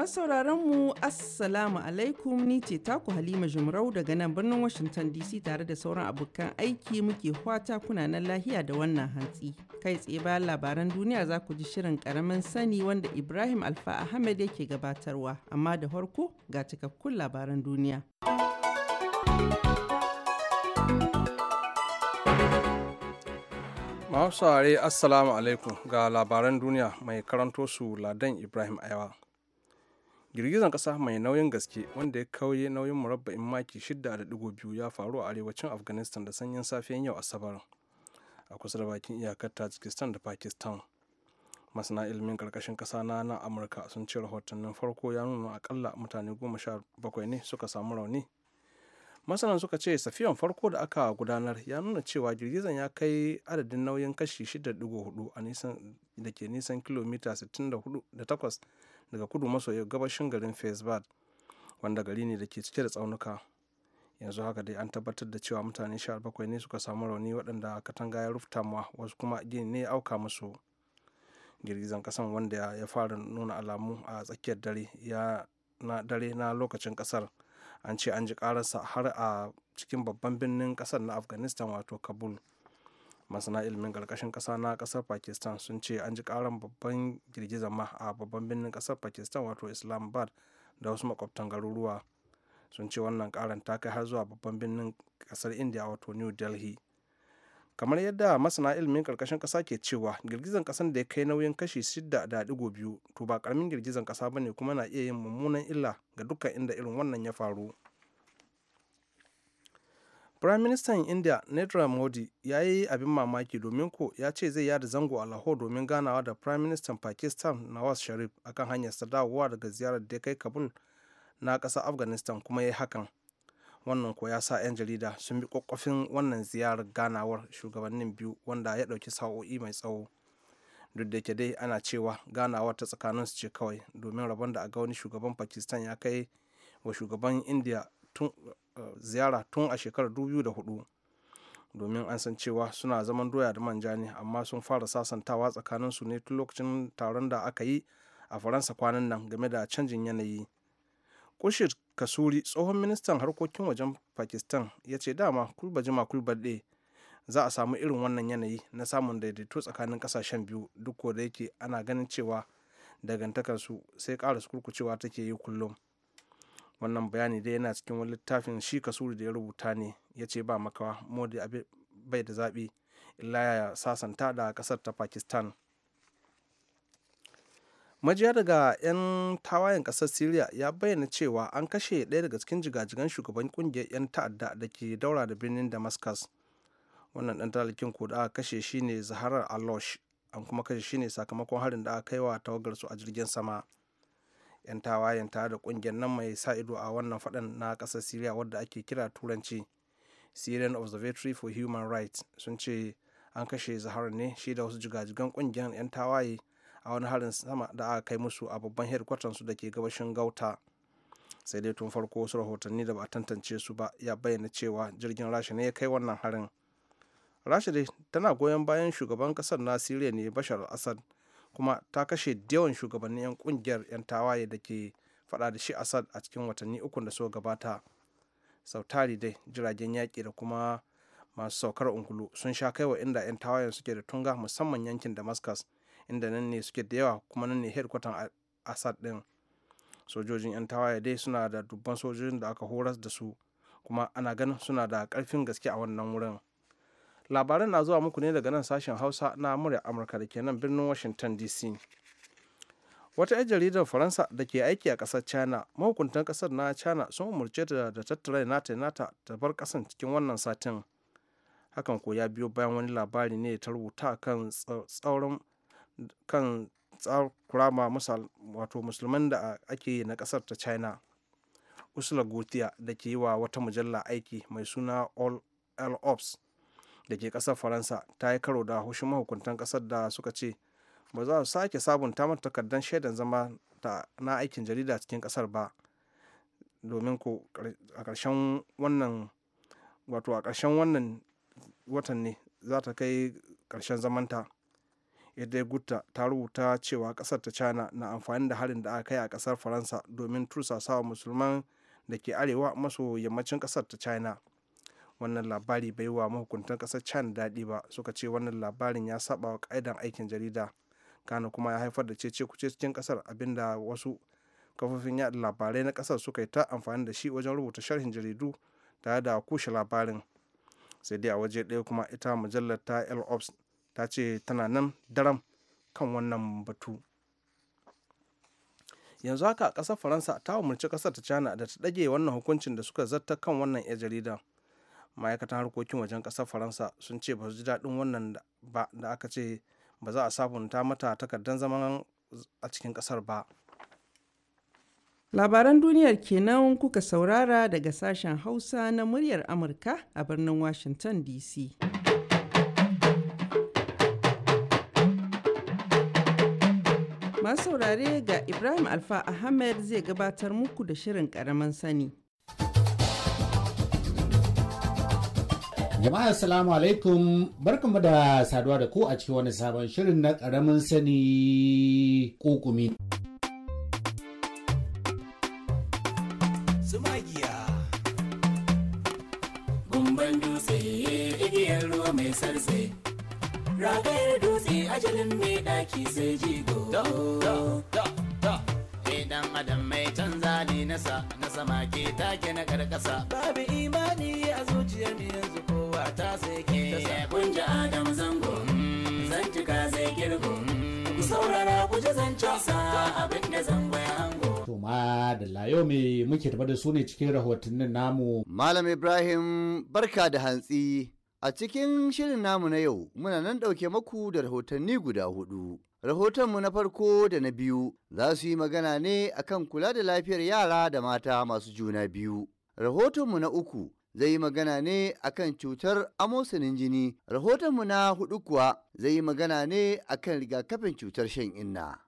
Masu sauraron mu Assalamu alaikum ni ce taku Halima Jumrau daga nan birnin Washington DC tare da sauran abokan aiki muke fata kuna na lahiya da wannan hantsi. Kai tsaye bayan labaran duniya za ku ji shirin karamin sani wanda Ibrahim Alfa Ahmed yake gabatarwa amma da harko ga cikakkun labaran duniya. Masu Assalamu alaikum ga labaran duniya mai karanto su Ladan Ibrahim Aiwa. girgizan kasa mai nauyin gaske wanda ya kauye nauyin murabba'in maki 6.2 ya faru a arewacin afghanistan da sanyin safiyan yau asabar a kusa da bakin iyakar tajikistan da pakistan masana ilimin karkashin kasa na nan amurka sun ce rahotannin farko ya nuna akalla mutane goma ne suka samu rauni masana suka ce safiyan farko da aka gudanar ya nuna cewa girgizan ya kai adadin nauyin kashi 6.4 a nisan da ke nisan kilomita 64 da daga kudu maso gabashin garin fesbad wanda gari ne da ke cike da tsaunuka. Yanzu haka dai an tabbatar da cewa mutane sha bakwai ne suka samu rauni waɗanda katanga ya rufta ma wasu kuma gini ne ya auka musu. Girgizan kasan wanda ya fara nuna alamu a tsakiyar dare ya na dare na lokacin kasar an ce an ji kararsa har a cikin babban birnin kasar na afghanistan wato kabul masana ilimin karkashin kasa na kasar pakistan sun ce an ji karan babban girgizar ma a babban birnin kasar pakistan wato islamabad da wasu makwabtan garuruwa sun ce wannan karan ta kai har zuwa babban birnin kasar india wato new delhi kamar yadda masana ilimin karkashin kasa ke cewa girgizan ƙasan da ya kai nauyin kashi 6.2 to ba karamin girgizan kasa ba ne kuma na iya yin mummunan illa ga dukkan inda irin wannan ya faru prime Firaministan india Narendra Modi ya yi abin mamaki domin ko ya ce zai yada zango a Lahore domin ganawa da prime minister Pakistan Nawaz Sharif akan hanyar sadawa daga ziyarar da kai Kabul na ƙasar Afghanistan kuma ya yi hakan. Wannan ko ya sa 'yan jarida sun bi kwakwafin wannan ziyarar ganawar shugabannin biyu wanda ya ɗauki sa'o'i mai tsawo. Duk da ke dai ana cewa ganawar ta tsakaninsu ce kawai domin rabon da a ga wani shugaban Pakistan ya kai wa shugaban india tun Eh, ziyara tun a shekarar hudu domin an san cewa suna zaman doya da manja ne amma sun fara sasantawa tsakanin su ne tun lokacin taron da aka yi a faransa kwanan nan game da canjin yanayi kushir kasuri tsohon ministan harkokin wajen pakistan ya ce dama kulba jima kulba ɗe za a samu irin wannan yanayi na samun daidaito tsakanin kasashen biyu duk da yake ana ganin cewa dagantakarsu sai ƙara kurkucewa take yi kullum wannan bayani dai yana cikin wani littafin shi kasuri da ya rubuta ne ya ce ba makawa modi bai da zaɓi illa ya sasanta da ƙasar ta pakistan majiya daga 'yan tawayen ƙasar syria ya bayyana cewa an kashe ɗaya daga cikin jigajigan shugaban ƙungiyar 'yan ta'adda da ke daura da birnin damascus wannan ɗan talakin ko da aka kashe shine zaharar alosh an kuma kashe shine sakamakon harin da aka kai wa tawagarsu a jirgin sama 'yan tawayen tare da kungiyar nan mai sa ido a wannan faɗan na ƙasar syria wadda ake kira turanci syrian observatory for human rights sun ce an kashe zahar ne shi da wasu jigajigan kungiyar 'yan tawaye a wani harin sama da aka kai musu a babban su da ke gabashin gauta sai dai tun farko wasu rahotanni da ba tantance su ba ya bayyana cewa jirgin rasha ne ya kai wannan harin rasha dai tana goyon bayan shugaban kasar na Syria ne bashar al-assad kuma ta kashe yawan shugabannin 'yan kungiyar 'yan tawaye da ke faɗa da shi asad a cikin watanni uku da suka gabata sautari dai jiragen yaƙi da kuma masu saukar ungulu sun sha kaiwa inda 'yan tawayen suke da tunga musamman yankin damascus inda nan ne suke da yawa kuma nan ne hedkwatan asad din sojojin 'yan tawaye dai suna da dubban sojojin da aka horas da su kuma ana ganin suna da karfin gaske a wannan wurin labaran na zuwa muku ne daga nan sashen hausa na murya amurka da ke nan birnin washington dc wata 'yan jaridar faransa da ke aiki a ƙasar china mahukuntan ƙasar na china sun umarce ta da tattara nata nata ta bar kasan cikin wannan satin hakan ko ya biyo bayan wani labari ne ta rubuta kan tsaurin kan tsakurama wato musulman da ake yi na ƙasar ta china usula gotiya da ke yi wa wata mujalla aiki mai suna all ops da ke kasar faransa ta yi karo da hushin mahukuntan kasar da suka ce ba za su sake sabunta mata takardar shaidan zama na aikin jarida cikin kasar ba domin ko a ƙarshen wannan wato a ƙarshen wannan watan ne za ta kai ƙarshen zamanta idai gutta ta rubuta cewa ƙasar ta china na amfani da harin da aka kai a ƙasar faransa domin tursasawa musulman da ke arewa maso yammacin ƙasar ta china wannan labari bai wa mahukuntan kasar chan daɗi ba suka ce wannan labarin ya saba wa ƙa'idan aikin jarida kana kuma ya haifar da cece kuce cikin ƙasar abinda wasu kafofin yaɗa labarai na kasar suka yi ta amfani da shi wajen rubuta sharhin jaridu tare da kushe labarin sai dai a waje ɗaya kuma ita mujallar ta lops ta ce tana nan daram kan wannan batu yanzu haka ƙasar faransa ta umarci ƙasar ta china da ta ɗage wannan hukuncin da suka zarta kan wannan 'yan jarida ma'aikatan harkokin wajen ƙasar faransa sun ce ba su ji daɗin wannan ba da aka ce ba za a sabunta mata takardar zaman a cikin ƙasar ba labaran duniyar kenan kuka saurara daga sashen hausa na muryar amurka a birnin washington dc masu saurare ga ibrahim alfa ahmed zai gabatar muku da shirin karamin sani Jama'a assalamu alaikum barkanmu da saduwa da ku a cikin wani sabon shirin na karamin sani kokumi. Gumban dutse igiyar ruwa mai sarse ragayar dutse ajalin mai ɗaki sai jigo. dan adam mai canza ne nasa na sama ke take na karkasa babu imani a zuciyar yanzu ba ta ke ji adam zango zan cika sai kirgo ku saurara ku ji abin da zango ya hango to ma da layo me muke tafa da su ne cikin rahotannin namu malam ibrahim barka da hantsi a cikin shirin namu na yau muna nan ɗauke maku da rahotanni guda hudu rahotonmu na farko da na biyu za su yi magana ne akan kula da lafiyar yara da mata masu juna biyu rahotonmu na uku zai yi magana ne akan cutar amosanin jini rahotonmu na hudu kuwa zai yi magana ne akan rigakafin cutar shan inna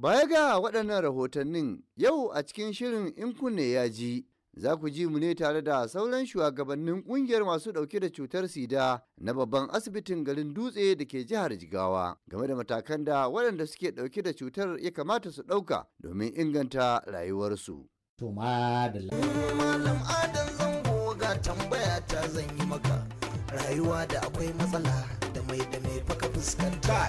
baya ga waɗannan rahotannin yau a cikin shirin in kunne ya ji za ku ji mu ne tare da sauran shugabannin kungiyar masu ɗauke da cutar sida na babban asibitin garin dutse da ke jihar jigawa game da matakan da waɗanda suke ɗauke da cutar ya kamata su ɗauka domin inganta rayuwarsu. tambaya ta zan yi maka rayuwa da akwai matsala da mai da mai faka fuskanta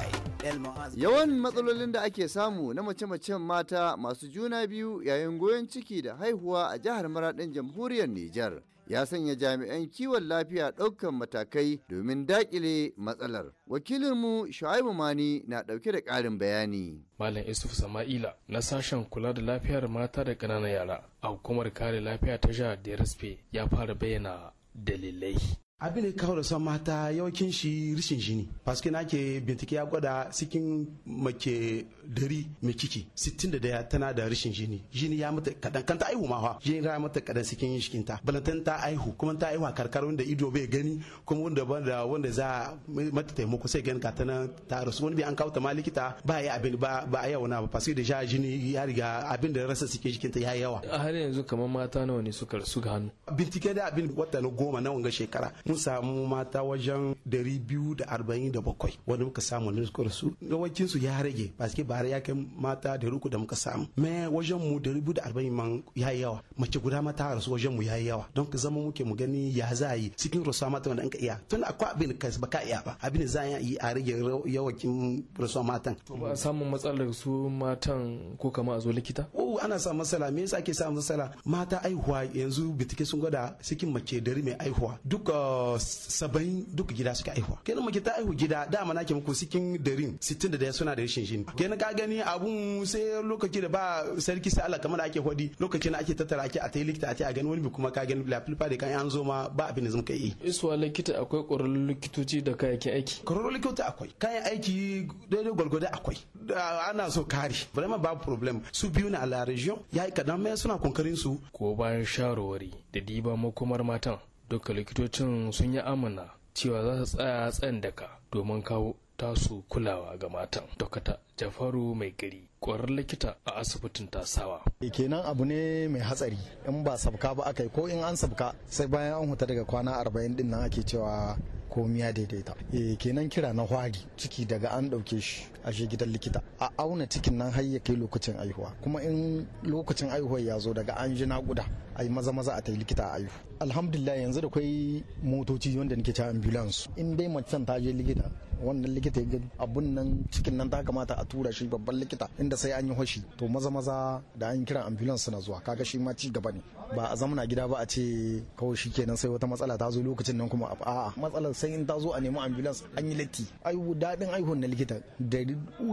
yawan matsalolin da ake samu na mace-macen mata masu juna biyu yayin goyon ciki da haihuwa a jihar maradin jamhuriyar Nijar. ya sanya jami'an kiwon lafiya ɗaukan matakai domin daƙile matsalar. Wakilinmu Shu'aibu Mani na ɗauke da ƙarin bayani. Malam Yusuf Sama'ila na sashen kula da lafiyar mata da ƙananan yara a hukumar kare lafiya ta jihar Derespe ya fara bayyana dalilai abin da kawo da son mata yawancin shi rishin shi ne paske na ke bintike ya gwada cikin make dari mai kiki 61 tana da rishin jini jini ya mata kadan kan ta aihu ma fa jini ya mata kadan cikin shikin ta balantan ta aihu kuma ta aihu a karkar wanda ido bai gani kuma wanda da wanda za mata taimako sai gani ka tana ta rasu wani bi an kawo ta ma likita ba ya abin ba ba ya wani ba paske da jini ya riga abin da rasa cikin shikinta ya yawa a halin yanzu kamar mata nawa ne suka rasu ga hannu bintike da abin wata na goma na wanga shekara mun samu mata wajen 247 wanda muka samu na su yawancin su ya rage ba ke bara ya kai mata da ruku da muka samu me wajen mu 240 man ya yawa mace guda mata rasu wajen mu ya yawa don ka zama muke mu gani ya za yi cikin rasuwa mata wanda an ka iya tun akwai abin ka ba ka iya ba abin za a yi a rage yawancin rasuwa matan to ba samun matsalar su matan ko kama a zo likita oh ana samun matsala me yasa ake samun matsala mata aihuwa yanzu bitike sun gwada cikin mace dari mai aihuwa duka saba'in duka gida suka aihuwa kenan mace ta aihu gida da mana ke muku cikin darin 61 da suna da rashin shin kenan ka gani abun sai lokaci da ba sarki sai Allah kamar ake hodi lokacin ake tattara ake a tai likita a ta a gani wani bi kuma ka gani la filfa da kan an zo ma ba abin da zan kai iswa likita akwai ƙwararrun likitoci da kayayyakin aiki ƙwararrun likitoci akwai kayan aiki daidai gwalgwado akwai ana so kare vraiment babu problem su biyu na a la region ya yi kadan suna kunkarin su ko bayan shawarwari da diba makomar matan duka likitocin sun yi amana cewa za su tsaya tsayin daka domin kawo tasu kulawa ga matan. Dokata Jafaru mai gari kwarar likita a asibitin tasawa. kenan abu ne mai hatsari in ba sabka ba aka yi ko in an sabka sai bayan an huta daga kwana arba'in din nan ake cewa komiya daidaita e kenan kira na hwari ciki daga an ɗauke shi a shi gidan likita a auna cikin nan har ya kai lokacin aihuwa kuma in lokacin aihuwar ya zo daga an ji naƙuda a yi maza maza a ta likita a aihu alhamdulillah yanzu da kwai motoci wanda nake cewa ambulance in dai macen ta je likita wannan likita ya ga abun nan cikin nan ta kamata a tura shi babban likita inda sai an yi hoshi to maza maza da an kira ambulance suna zuwa kaga shi ma ci gaba ne ba a zamana gida ba a ce kawai shi kenan sai wata matsala ta zo lokacin nan kuma a'a matsalar sai in ta zo a nemi ambulance an yi latti aihu daɗin aihu na likita da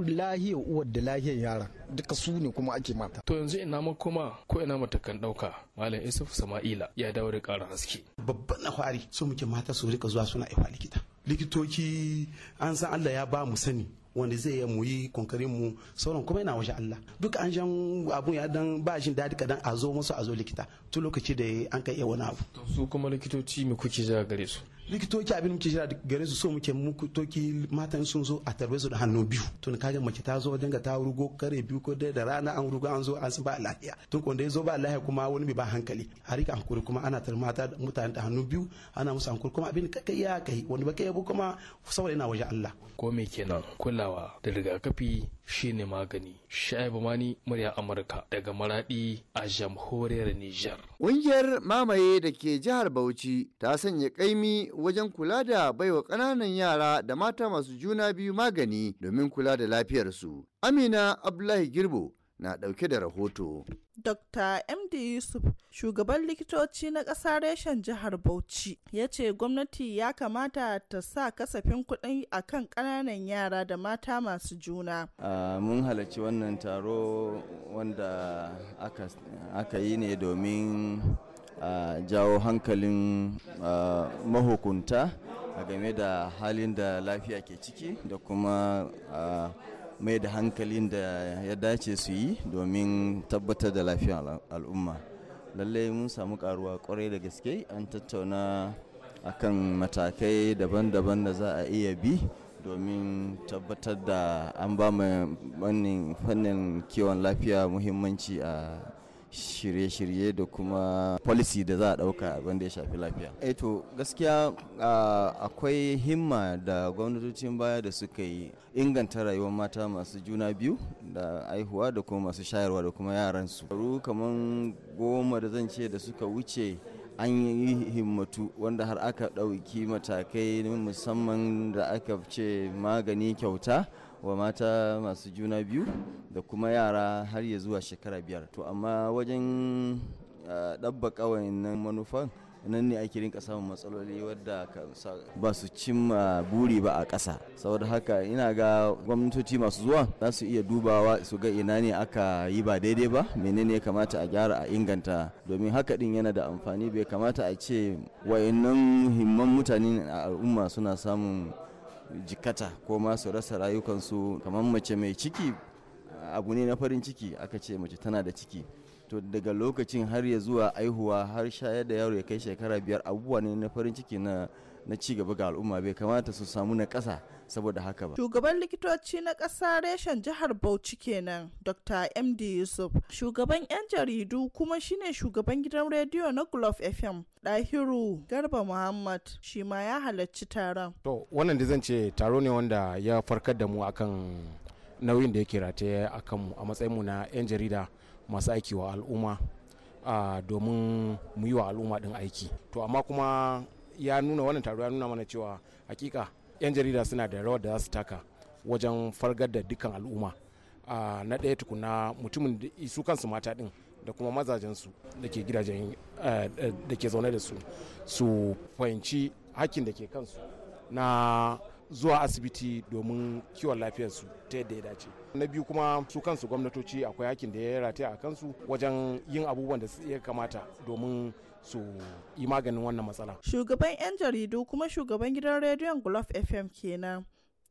lahiyar uwar da lahiyar yara duka su ne kuma ake mata to yanzu ina ma kuma ko ina mata kan ɗauka malam isufu sama'ila ya dawo da ƙara haske babban na fari su muke mata su rika zuwa suna aiwa likita likitoci an san Allah ya ba mu sani wanda zai yi muyi konkarin mu sauran kuma yana waje Allah duk an jan abun ya dan ba jin dadi kadan a zo musu a zo likita tun lokaci da an kai wani abu su kuma likitoci me kuke za gare su Likitoci abin muke jira gare su so muke muku toki matan sun zo a tarbe su da hannu biyu tun kaga mace ta zo wajen ga ta rugo kare biyu ko da rana an rugo an zo an ba lafiya tun kun ya zo ba lafiya kuma wani bai ba hankali a rika hankuri kuma ana tar mata mutane da hannu biyu ana musu hankuri kuma abin ka iya kai wani ba kai kuma saboda yana waje Allah ko me kenan kulawa da rigakafi shine magani sha'ibu mani murya amurka daga maradi a jamhuriyar niger ƙungiyar mamaye da ke jihar bauchi ta sanya kaimi wajen kula da baiwa ƙananan yara da mata masu juna biyu magani domin kula da lafiyarsu amina abdullahi girbo na ɗauke da rahoto. Dr. MD Yusuf, shugaban likitoci na ƙasa reshen jihar Bauchi, ya ce gwamnati ya kamata ta sa kasafin kuɗin a kan ƙananan yara da mata masu juna. mun halarci wannan taro wanda aka, yi ne domin jawo hankalin mahukunta game da halin da lafiya ke ciki da kuma uh, mai da hankalin da ya dace su yi domin tabbatar da lafiyar al'umma lallai mun samu karuwa kwarai da gaske an tattauna akan matakai daban-daban da za a iya bi domin tabbatar da an ba mu fannin kiwon lafiya muhimmanci a shirye-shirye da kuma policy da za a ɗauka wanda ya shafi lafiya. eto eh gaskiya akwai himma da gwamnatocin baya da suka yi inganta rayuwar mata masu juna biyu da aihuwa da kuma masu shayarwa da kuma yaransu. Karu kamar goma da zan ce da suka wuce an yi himmatu wanda har aka ɗauki matakai musamman da aka ce magani kyauta. wa mata masu juna biyu da kuma yara har ya zuwa shekara biyar to amma wajen ɗabba ƙawayen nan manufan nan ne ake rinka samun matsaloli wadda ba su cimma buri ba a ƙasa saboda haka ina ga gwamnatoci masu zuwa za su iya dubawa su ga ina ne aka yi ba daidai ba menene ya kamata a gyara a inganta domin haka din yana da amfani bai kamata a ce wayannan himman mutane a al'umma suna samun jikata ko ma su rasa rayukansu kamar mace mai ciki abu ne na farin ciki aka ce mace tana da ciki to daga lokacin har ya zuwa aihuwa har shayar da yaro ya kai shekara biyar abubuwa ne na farin ciki na na ci gaba ga al'umma bai kamata su samu na ƙasa saboda haka ba. Shugaban likitoci na ƙasa reshen jihar Bauchi kenan Dr. MD Yusuf. Shugaban 'yan jaridu kuma shine shugaban gidan rediyo na Glove FM ɗahiru Garba Muhammad shi ma ya halarci taron. To wannan da zan ce taro ne wanda ya farkar da mu akan nauyin da yake rataye a kanmu a matsayinmu na 'yan jarida masu aiki wa al'umma domin mu yi wa al'umma ɗin aiki to amma kuma ya nuna wannan taro ya nuna mana cewa hakika 'yan jarida suna da rawar da za su taka wajen fargar da dukkan al'umma na ɗaya tukuna mutumin da su kansu mata ɗin da kuma mazajensu da ke gidajen da ke zaune da su su fahimci hakkin da ke kansu na zuwa asibiti domin kiwon lafiyarsu ta yadda ya dace na biyu kuma su kansu gwamnatoci akwai hakin da ya rataya a kansu wajen yin abubuwan da ya kamata domin su yi maganin wannan matsala shugaban 'yan jaridu kuma shugaban gidan rediyon glof fm kenan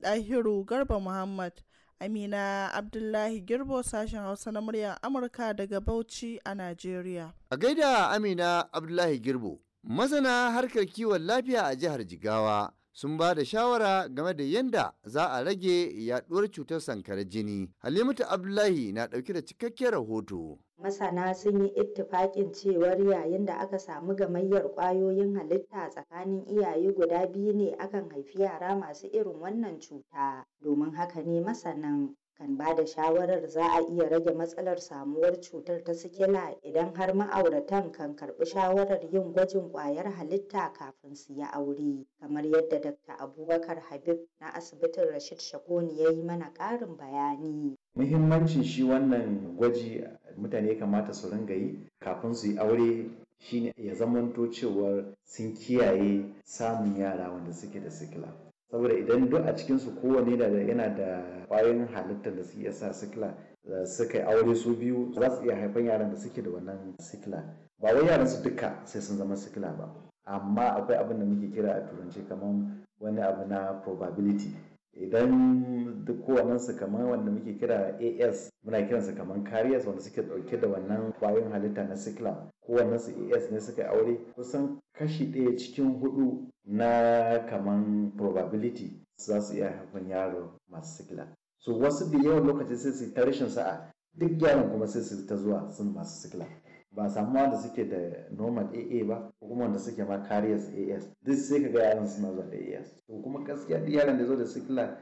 ɗahiru garba muhammad Amina Abdullahi Girbo sashen Hausa na muryar Amurka daga Bauchi a Najeriya. A gaida Amina Abdullahi Girbo, masana harkar kiwon lafiya a jihar Jigawa sun ba da shawara game da yadda za a rage yaduwar cutar sankarar jini. Halimatu Abdullahi na ɗauke da cikakken rahoto. Masana sun yi ittifaƙin cewar yayin da aka samu gamayyar ƙwayoyin halitta tsakanin iyaye guda biyu ne akan haifi yara masu irin wannan cuta. Domin haka ne masanan kan ba da shawarar za a iya rage matsalar samuwar cutar ta sikila idan har ma'auratan kan karɓi shawarar yin gwajin ƙwayar halitta kafin su yi aure kamar yadda dr abubakar habib na asibitin rashid shakoni ya yi mana ƙarin bayani muhimmancin shi wannan gwaji mutane kamata su ringa yi kafin su yi aure shine ya zamanto cewar sun kiyaye samun yara wanda suke da sikila saboda idan duk a cikin su kowanne da yana da kwayoyin halittar da su iya sa sikila da suka aure su biyu za su iya haifan yaran da suke da wannan sikila ba wai yaran su duka sai sun zama sikila ba amma akwai abin da muke kira a turanci kamar wani abu na probability idan duk su kamar wanda muke kira as muna kiransa kamar carriers wanda suke dauke da wannan kwayoyin halitta na sikila kowannen su as ne suka aure kusan kashi ɗaya cikin hudu na kaman probability za su iya haifan yaro masu sikila so wasu da yawan lokaci sai su ta rashin sa'a duk yaron kuma sai su ta zuwa sun masu sikila ba samu wanda suke da normal aa ba ko kuma wanda suke ma carriers as duk sai ka ga yaran suna zuwa da as to kuma gaskiya duk yaran da zo da sikila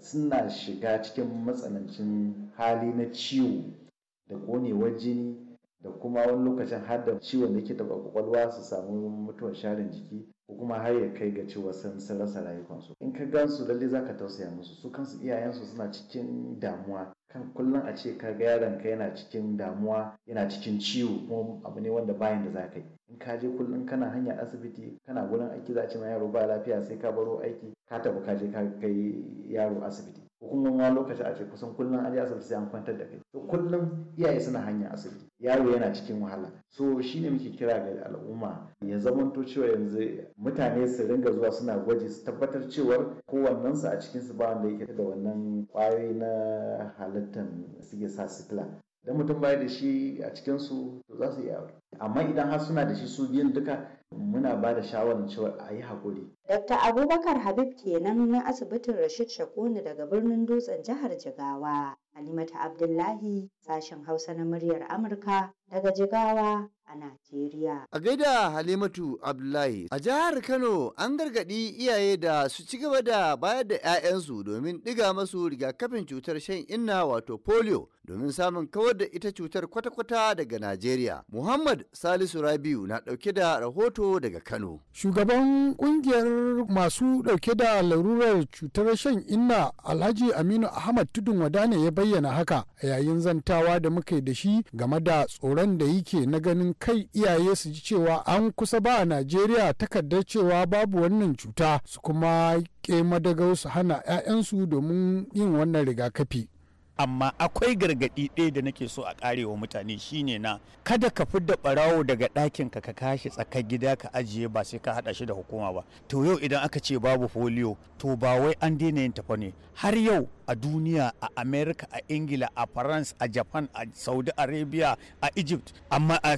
suna shiga cikin matsanancin hali na ciwo da ƙonewar jini da kuma wani lokacin har da ciwon da ke taɓa ƙwaƙwalwa su samu mutuwar sharin jiki ko kuma har ya kai ga cewa sun rasa rayukansu in ka gansu lalle za ka tausaya musu su kansu iyayensu suna cikin damuwa kan kullum a ce ka ga yaron ka yana cikin damuwa yana cikin ciwo kuma abu ne wanda bayan da za ka yi in ka je kullum kana hanyar asibiti kana gurin aiki za a ce yaro ba lafiya sai ka baro aiki ka tafi ka je ka kai yaro asibiti kuma ma lokaci a ce kusan kullum an asibiti sai an kwantar da kai to kullum iyaye suna hanya asibiti yaro yana cikin wahala so shine muke kira ga al'umma ya zamanto cewa yanzu mutane su ringa zuwa suna gwaji su tabbatar cewar kowannen su a cikin su ba wanda yake da wannan kwayoyi na halittan suke sa sikila idan mutum bai da shi a cikinsu to za su iya aure amma idan har suna da shi su biyun duka muna ba da shawarar cewa a yi haƙuri. Dr. Abubakar Habib kenan na asibitin Rashid Shakuni daga birnin Dutsen jihar Jigawa. Halimatu Abdullahi sashen Hausa na muryar Amurka daga Jigawa a Najeriya. A gaida Halimatu Abdullahi, a jihar Kano an gargaɗi iyaye da su ci gaba da bayar da 'ya'yansu domin ɗiga masu rigakafin cutar shan inna wato polio domin samun kawar da ita cutar kwata-kwata daga Najeriya. Muhammad Salisu Rabiu na ɗauke da rahoto daga Kano. Shugaban ƙungiyar masu ɗauke da larurar cutar shan inna Alhaji Aminu Ahmad Tudun Wadane ya bayyana bayyana haka a yayin zantawa da muka da shi game da tsoron da yake na ganin kai iyaye su ji cewa an kusa ba a najeriya takardar cewa babu wannan cuta su kuma ke madagau su hana 'ya'yansu domin yin wannan rigakafi amma akwai gargaɗi ɗaya da nake so a karewa mutane shine na kada ka fi da ɓarawo daga ɗakin ka ka kashi tsakar gida ka ajiye ba sai ka haɗa shi da hukuma ba to yau idan aka ce babu foliyo to ba wai an daina yin tafa ne har yau a duniya a america a ingila a france a japan a saudi arabia a egypt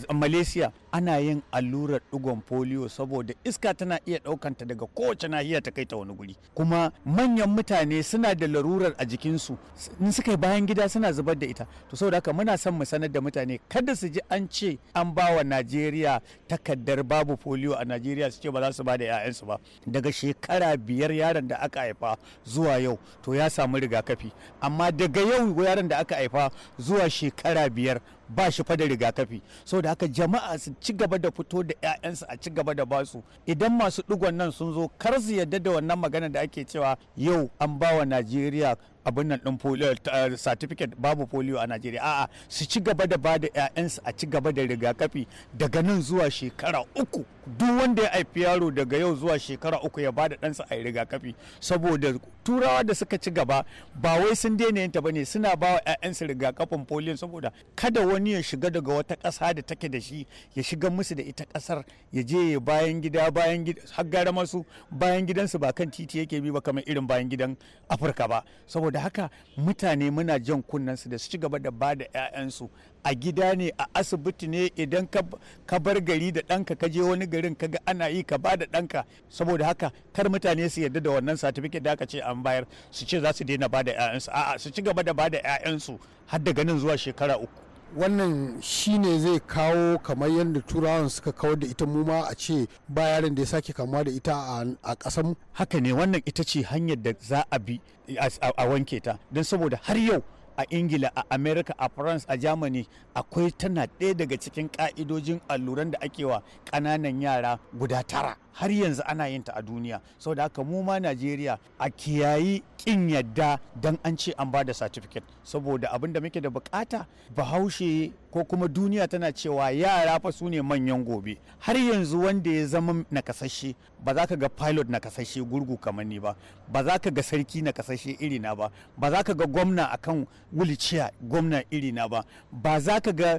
a malaysia ana yin allurar digon polio saboda iska tana iya daukanta daga kowace nahiya ta kai ta wani guri kuma manyan mutane suna da larurar a jikinsu in suka yi bayan gida suna zubar da ita to saboda haka muna son mu sanar da mutane kada su ji an ce an ba wa najeriya takardar babu polio a najeriya su ce ba za su ba da 'ya'yansu ba daga shekara biyar yaron da aka haifa zuwa yau to ya samu riga rigakafi amma daga yau yaron da aka haifa zuwa shekara biyar ba shi fa da rigakafi saboda haka jama'a su ci gaba da fito da 'ya'yansu a ci gaba da basu idan masu digon nan sun zo kar su yadda da wannan magana da ake cewa yau an ba wa najeriya abin nan din eh, certificate babu polio a Najeriya a'a su ci gaba da ba da 'ya'yansu a ci gaba da rigakafi daga nan zuwa shekara uku duk wanda ya haifi yaro daga yau zuwa shekara uku ya bada da ɗansa a rigakafi saboda turawa da suka ci gaba ba wai sun daina yinta bane suna ba wa 'ya'yansu rigakafin polio saboda kada wani ya shiga daga wata ƙasa da take da shi ya shiga musu da ita ƙasar ya je bayan gida bayan gida har gara masu bayan gidansu ba kan titi yake bi ba kamar irin bayan gidan afirka ba saboda haka mutane muna jan kunnensu da su ci gaba da bada 'ya'yansu a gida ne a asibiti ne idan ka bar gari da ɗanka ka je wani garin ka ga ana yi ka ba da ɗanka saboda haka kar mutane su yarda da wannan satifiket da aka ce an bayar su ce za su daina bada 'ya'yansu a'a su ci gaba da bada 'ya'yansu har daga nan zuwa shekara uku wannan shine zai kawo kamar yadda turawan suka kawar da ita muma a ce ba yaron da ya sake kamuwa da ita a ƙasar haka ne wannan ita ce hanyar da za a bi a wanke ta don saboda har yau a ingila a america a france a germany akwai tana ɗaya daga cikin ka'idojin alluran da ake wa ƙananan yara guda tara har yanzu ana yin ta a duniya saboda haka mu ma najeriya a kiyayi kin yadda dan an ce an ba da certificate saboda abin da muke da bukata bahaushe ko kuma duniya tana cewa yara fa su ne manyan gobe har yanzu wanda ya zama nakasashe ba za ka ga pilot nakasashe gurgu kamar ni ba ba za ka ga sarki nakasashe irina ba ba za ka ga gwamna akan wuliciya gwamna irina ba ba za ka ga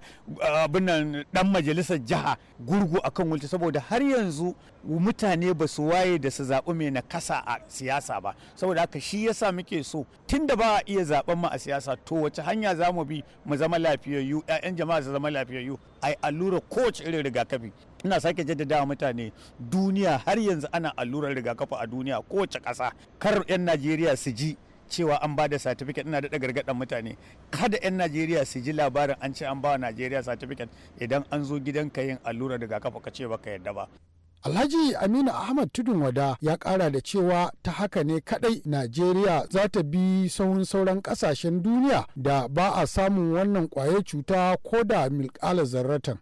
abin nan dan majalisar jiha gurgu akan wulci saboda har yanzu mutane ba su waye da su zaɓi mai na kasa a siyasa ba saboda haka shi yasa muke so tun da ba a iya zaɓen mu a siyasa to wace hanya za mu bi mu zama lafiyayyu 'ya'yan jama'a su zama lafiyayyu yi allura kowace irin rigakafi ina sake jaddada mutane duniya har yanzu ana allurar rigakafi a duniya kowace ƙasa kar 'yan najeriya su ji cewa an ba da satifiket ina daɗa gargaɗin mutane kada 'yan najeriya su ji labarin an ce an ba wa najeriya satifiket idan an zo gidan ka yin allurar rigakafi ka ce baka yadda ba Alhaji Aminu Ahmad Tudun Wada ya kara da cewa ta haka ne kadai Najeriya za ta bi sauran sauran kasashen duniya da ba a samun wannan kwaye cuta ko da milƙala zarratan.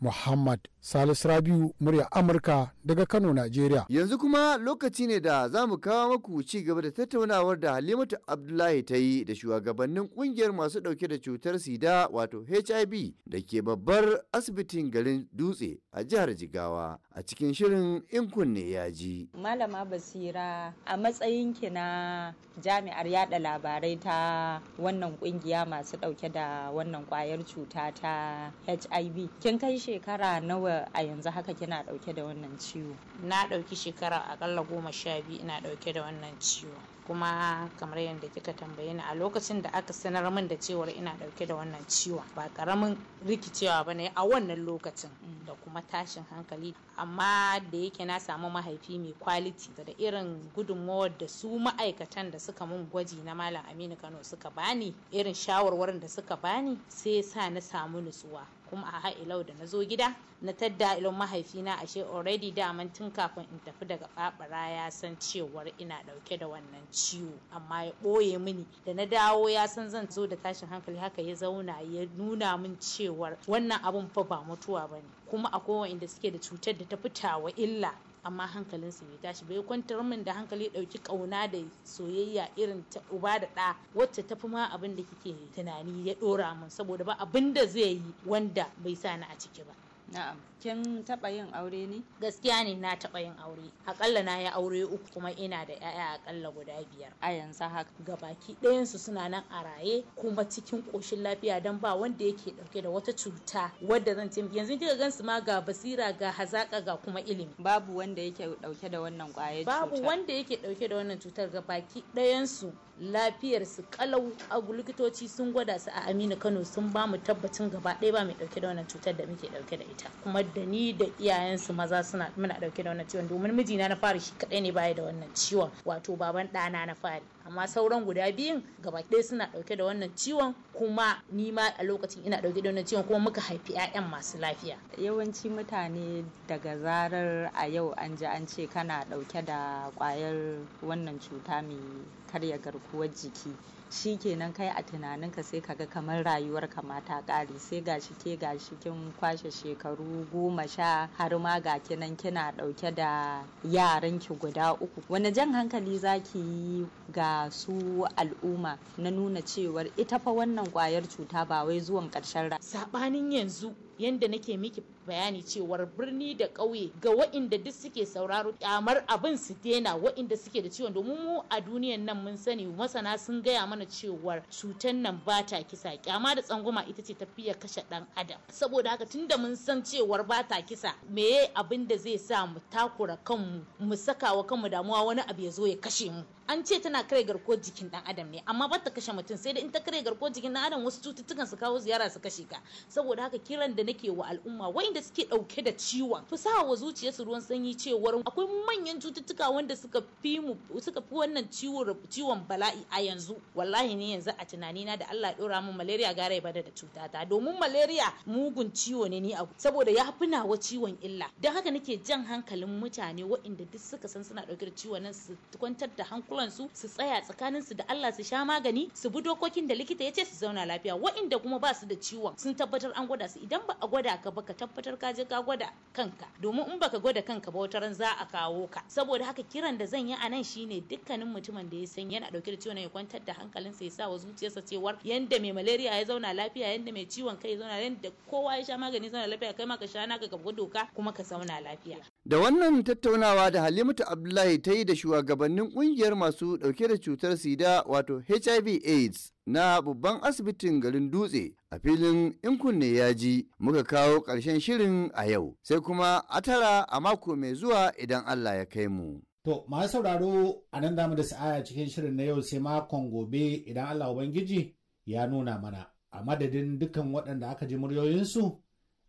Muhammad Salisu Rabiu murya Amurka daga Kano, Najeriya. Yanzu kuma lokaci ne da za mu kawo maku ci gaba da tattaunawar da Halimatu Abdullahi ta yi da shugabannin kungiyar masu ɗauke da cutar sida wato HIV da ke babbar asibitin garin Dutse a jihar Jigawa a cikin shirin in kunne ya ji. Malama Basira a matsayin ki na jami'ar yada labarai ta wannan kungiya masu ɗauke da wannan kwayar cuta ta HIV kin kai shekara nawa ba a yanzu haka kina ɗauke da wannan ciwo na ɗauki shekara akalla goma sha biyu ina ɗauke da wannan ciwo kuma kamar yadda kika tambaye ni a lokacin da aka sanar min da cewar ina ɗauke da wannan ciwo. ba karamin rikicewa ba ne a wannan lokacin da kuma tashin hankali amma da yake na samu mahaifi mai kwaliti da irin gudunmawar da su ma'aikatan da suka mun gwaji na malam aminu kano suka bani irin shawarwarin da suka bani sai sa na samu nutsuwa kuma a ha'ilau da na zo gida na tadda ilon mahaifina ashe already daman tun kafin in tafi daga babara ya san cewar ina dauke da wannan ciwo amma ya ɓoye mini da na dawo ya san zan zo da tashin hankali haka ya zauna ya nuna min cewar wannan abun fa ba mutuwa bane kuma akwai wa'inda suke da cutar da ta fitawa illa amma hankalinsa bai tashi ba ya kwantar min da hankali ya ɗauki ƙauna da soyayya irin ta uba da ɗa wacce tafi ma abin da kike tunani ya ɗora min saboda ba abin da zai yi wanda bai sa ni a ciki ba Na'am. Kin taɓa yin aure ne? Gaskiya ne na taɓa yin aure. Akalla na yi aure uku kuma ina da 'ya'ya akalla guda biyar. A yanzu haka. Gabaki ɗayansu suna nan a raye kuma cikin ƙoshin lafiya don ba wanda yake ɗauke da wata cuta wadda zan ce yanzu kika gan su ma ga basira ga hazaƙa ga kuma ilimi. Babu wanda yake ɗauke da wannan ƙwayar cutar. Babu wanda yake ɗauke da wannan cutar gabaki ɗayansu lafiyarsu kalau a likitoci sun gwada su a Aminu Kano sun ba mu tabbacin gaba ɗaya ba mai ɗauke da wannan cutar da muke ɗauke da ita. ta kuma da ni da iyayensu maza suna muna dauke da wannan ciwon domin mijina na fari shi kadai ne baya da wannan ciwon wato baban ɗana na fari amma sauran guda biyun gaba ɗaya suna ɗauke da wannan ciwon kuma ni ma a lokacin ina ɗauke da wannan ciwon kuma muka haifi 'ya'yan masu lafiya yawanci mutane daga zarar a yau an ji an ce kana ɗauke da ƙwayar wannan cuta mai karya garkuwar jiki shi kenan kai a tunaninka sai kaga kamar rayuwar kamata ƙare sai gashi ke gashi kin kwashe shekaru goma sha har ma ga kinan kina ɗauke da yaran ki guda uku wani jan hankali zaki yi ga su al'umma na nuna cewar ita fa wannan kwayar cuta ba wai zuwan ƙarshen ra. Saɓanin yanzu yanda nake miki bayani cewar birni da ƙauye ga wa'inda duk suke sauraro kyamar abin su daina wa'inda suke da ciwon domin mu a duniyan nan mun sani masana sun gaya mana cewar cutar nan ba ta kisa kyama da tsangwama ita ce tafiya kashe dan adam saboda haka tunda mun san cewar ba ta kisa meye abin da zai sa mu takura kanmu mu saka wa kanmu damuwa wani abu ya zo ya kashe mu an ce tana kare garkuwar jikin dan adam ne amma ba ta kashe mutum sai da in ta kare garkuwar jikin dan adam wasu cututtukan su kawo ziyara su kashe ka saboda haka kiran da nake wa al'umma wa'inda suke ɗauke da ciwon ku sa wa zuciyarsu ruwan sanyi cewar akwai manyan cututtuka wanda suka fi mu suka fi wannan ciwon ciwon bala'i a yanzu wallahi ne yanzu a tunani na da Allah ya dora mu malaria gara ya bada da ta domin malaria mugun ciwo ne ni abu saboda ya fi nawa ciwon illa don haka nake jan hankalin mutane waɗanda duk suka san suna ɗauke da ciwon nan su kwantar da hankulansu su tsaya tsakanin su da Allah su sha magani su bi dokokin da likita ya ce su zauna lafiya waɗanda kuma ba su da ciwon sun tabbatar an gwada su idan ba a gwada ka ba ka tabbatar ka je ka gwada kanka domin in baka gwada kanka ba wata ran za a kawo ka saboda haka kiran da zan yi a nan shine dukkanin mutumin da ya san yana dauke da ciwon ya kwantar da hankalinsa ya sa wa zuciyarsa cewar yanda mai malaria ya zauna lafiya yanda mai ciwon kai ya zauna yanda kowa ya sha magani zauna lafiya kai ma ka sha naka ka doka kuma ka zauna lafiya da wannan tattaunawa da Halimatu Abdullahi ta yi da shugabannin kungiyar masu dauke da cutar sida wato HIV AIDS na babban asibitin garin Dutse a filin in kunne ya ji muka kawo ƙarshen shirin a yau sai kuma a tara a mako mai zuwa idan Allah ya kai mu. To masu sauraro a nan damu da sa'aya cikin shirin na yau sai makon gobe idan Allah Ubangiji ya nuna mana a madadin dukkan waɗanda aka ji muryoyinsu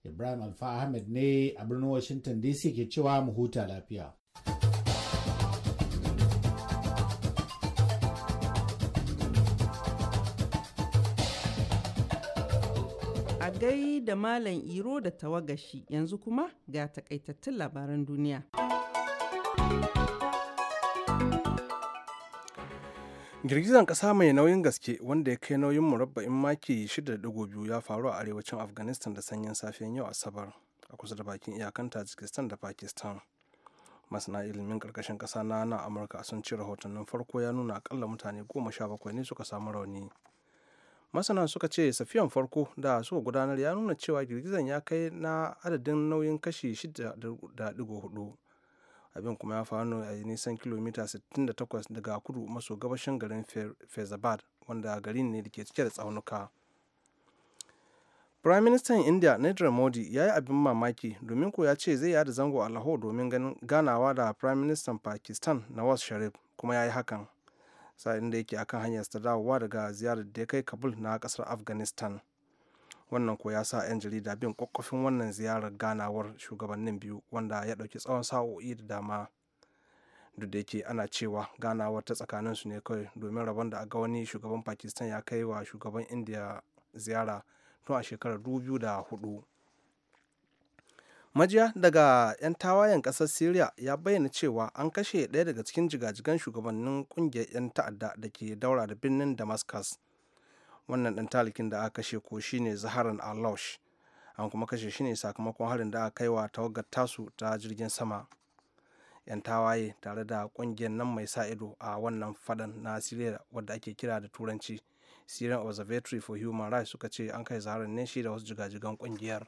Ibrahim Alfa Ahmed ne a birnin Washington DC ke cewa mu huta lafiya. gai da Malam Iro da tawagashi yanzu kuma ga takaitattun labaran duniya. girgizan kasa mai nauyin gaske wanda ya kai nauyin murabba'in maki 6.2 ya faru a arewacin afghanistan da sanyin safiyan yau asabar a kusa da bakin iyakan tajikistan da pakistan masana ilimin karkashin kasa na na amurka sun ci rahotannin farko ya nuna akalla mutane goma sha bakwai ne suka samu rauni masana suka ce safiyan farko da suka gudanar ya nuna cewa girgizan ya kai na adadin nauyin kashi 6.4 abin kuma ya faru a nisan kilomita 68 daga kudu maso gabashin garin fezabad wanda garin ne da ke cike da tsaunuka prime minister india narendra modi ya yi abin mamaki domin ko ya ce zai yada zango a lahore domin ganawa da prime minister pakistan nawaz sharif kuma ya yi hakan sa'in da yake akan hanyar ta dawowa daga ziyarar da ya kai kabul na kasar afghanistan wannan ko ya sa 'yan jarida bin kwakwafin wannan ziyarar ganawar shugabannin biyu wanda ya ɗauki tsawon sa'o'i da dama duk da yake ana cewa ganawar ta tsakanin su ne kawai domin rabon da aga wani shugaban pakistan ya kai wa shugaban india ziyara tun a shekarar 2004 majiya daga 'yan tawayen ƙasar syria ya bayyana cewa an kashe ɗaya daga cikin jigajigan shugabannin ƙungiyar 'yan ta'adda da ke daura da birnin damascus wannan ɗan talikin da aka kashe ko shine zaharan alosh an kuma kashe shi ne sakamakon harin da aka kai wa tawagar tasu ta jirgin sama 'yan tawaye tare da ƙungiyar nan mai sa ido a wannan fadan na syria wadda ake kira da turanci syrian observatory for human rights suka ce an kai zaharan ne shi da wasu jigajigan ƙungiyar